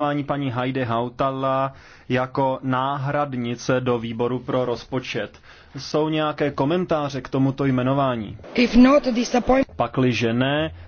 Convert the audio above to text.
jmenování paní Heide Hautala jako náhradnice do výboru pro rozpočet. Jsou nějaké komentáře k tomuto jmenování? If not, disappoint... Pakliže ne,